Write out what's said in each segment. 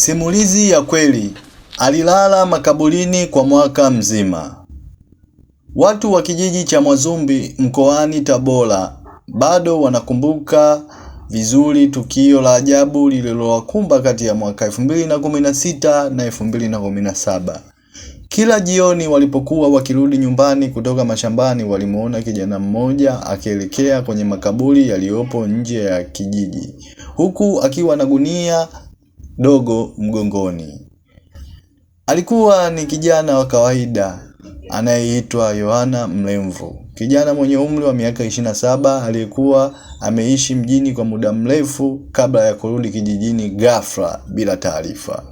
Simulizi ya kweli. Alilala makaburini kwa mwaka mzima. Watu wa kijiji cha Mwazumbi mkoani Tabora bado wanakumbuka vizuri tukio la ajabu lililowakumba kati ya mwaka 2016 na 2017. Kila jioni walipokuwa wakirudi nyumbani kutoka mashambani, walimuona kijana mmoja akielekea kwenye makaburi yaliyopo nje ya kijiji, huku akiwa na gunia dogo mgongoni. Alikuwa ni kijana wa kawaida anayeitwa Yohana Mlemvu, kijana mwenye umri wa miaka 27 aliyekuwa ameishi mjini kwa muda mrefu kabla ya kurudi kijijini ghafla bila taarifa.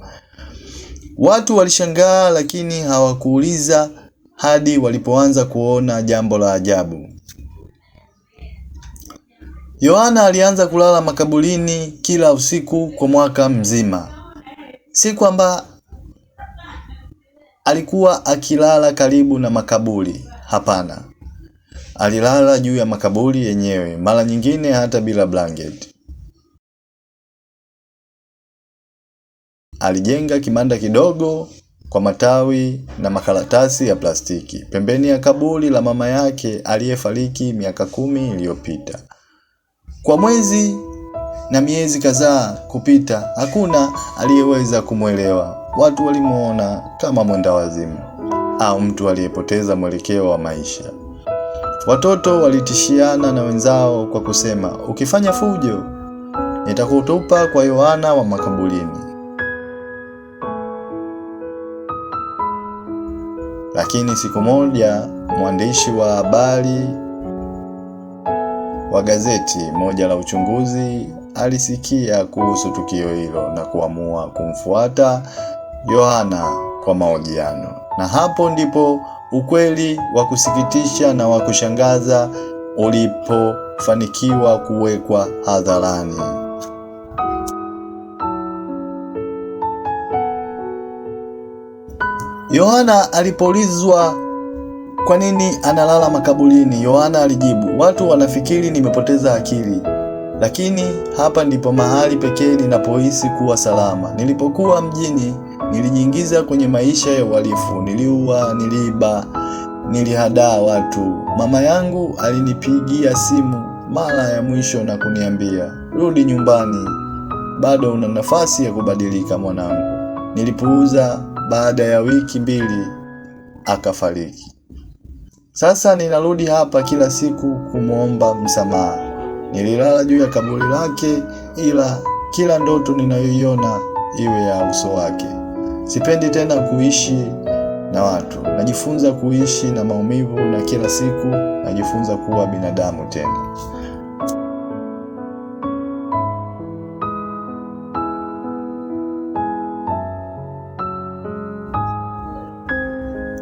Watu walishangaa, lakini hawakuuliza hadi walipoanza kuona jambo la ajabu. Yohana alianza kulala makaburini kila usiku kwa mwaka mzima. Si kwamba alikuwa akilala karibu na makaburi, hapana. Alilala juu ya makaburi yenyewe, mara nyingine hata bila blanket. Alijenga kimanda kidogo kwa matawi na makaratasi ya plastiki pembeni ya kaburi la mama yake aliyefariki miaka kumi iliyopita. Kwa mwezi na miezi kadhaa kupita, hakuna aliyeweza kumwelewa. Watu walimwona kama mwendawazimu au mtu aliyepoteza mwelekeo wa maisha. Watoto walitishiana na wenzao kwa kusema, ukifanya fujo nitakutupa kwa Yohana wa makaburini. Lakini siku moja mwandishi wa habari wa gazeti moja la uchunguzi alisikia kuhusu tukio hilo na kuamua kumfuata Yohana kwa mahojiano. Na hapo ndipo ukweli wa kusikitisha na wa kushangaza ulipofanikiwa kuwekwa hadharani. Yohana alipoulizwa kwa nini analala makaburini? Yohana alijibu, watu wanafikiri nimepoteza akili, lakini hapa ndipo mahali pekee ninapohisi kuwa salama. Nilipokuwa mjini, nilijiingiza kwenye maisha ya uhalifu. Niliua, niliiba, nilihadaa watu. Mama yangu alinipigia simu mara ya mwisho na kuniambia, rudi nyumbani, bado una nafasi ya kubadilika mwanangu. Nilipuuza. Baada ya wiki mbili akafariki. Sasa ninarudi hapa kila siku kumwomba msamaha. Nililala juu ya kaburi lake, ila kila ndoto ninayoiona iwe ya uso wake. Sipendi tena kuishi na watu, najifunza kuishi na maumivu, na kila siku najifunza kuwa binadamu tena.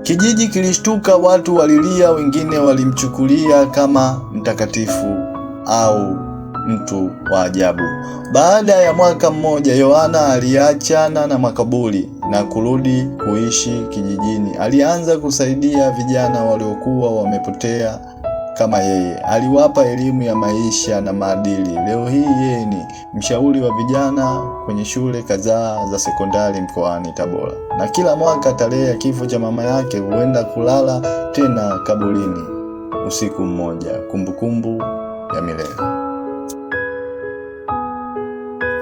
Kijiji kilishtuka, watu walilia, wengine walimchukulia kama mtakatifu au mtu wa ajabu. Baada ya mwaka mmoja, Yohana aliachana na makaburi na kurudi kuishi kijijini. Alianza kusaidia vijana waliokuwa wamepotea kama yeye. Aliwapa elimu ya maisha na maadili. Leo hii yeye ni mshauri wa vijana kwenye shule kadhaa za sekondari mkoani Tabora, na kila mwaka tarehe ya kifo cha mama yake huenda kulala tena kaburini usiku mmoja, kumbukumbu ya milele.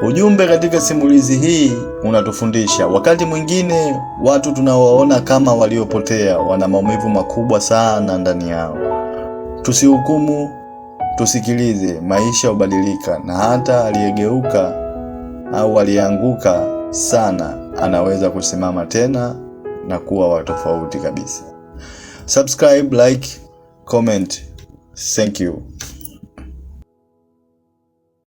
Ujumbe katika simulizi hii unatufundisha, wakati mwingine watu tunawaona kama waliopotea wana maumivu makubwa sana ndani yao. Tusihukumu, tusikilize. Maisha hubadilika, na hata aliyegeuka au aliyeanguka sana anaweza kusimama tena na kuwa wa tofauti kabisa. Subscribe, like, comment. Thank you.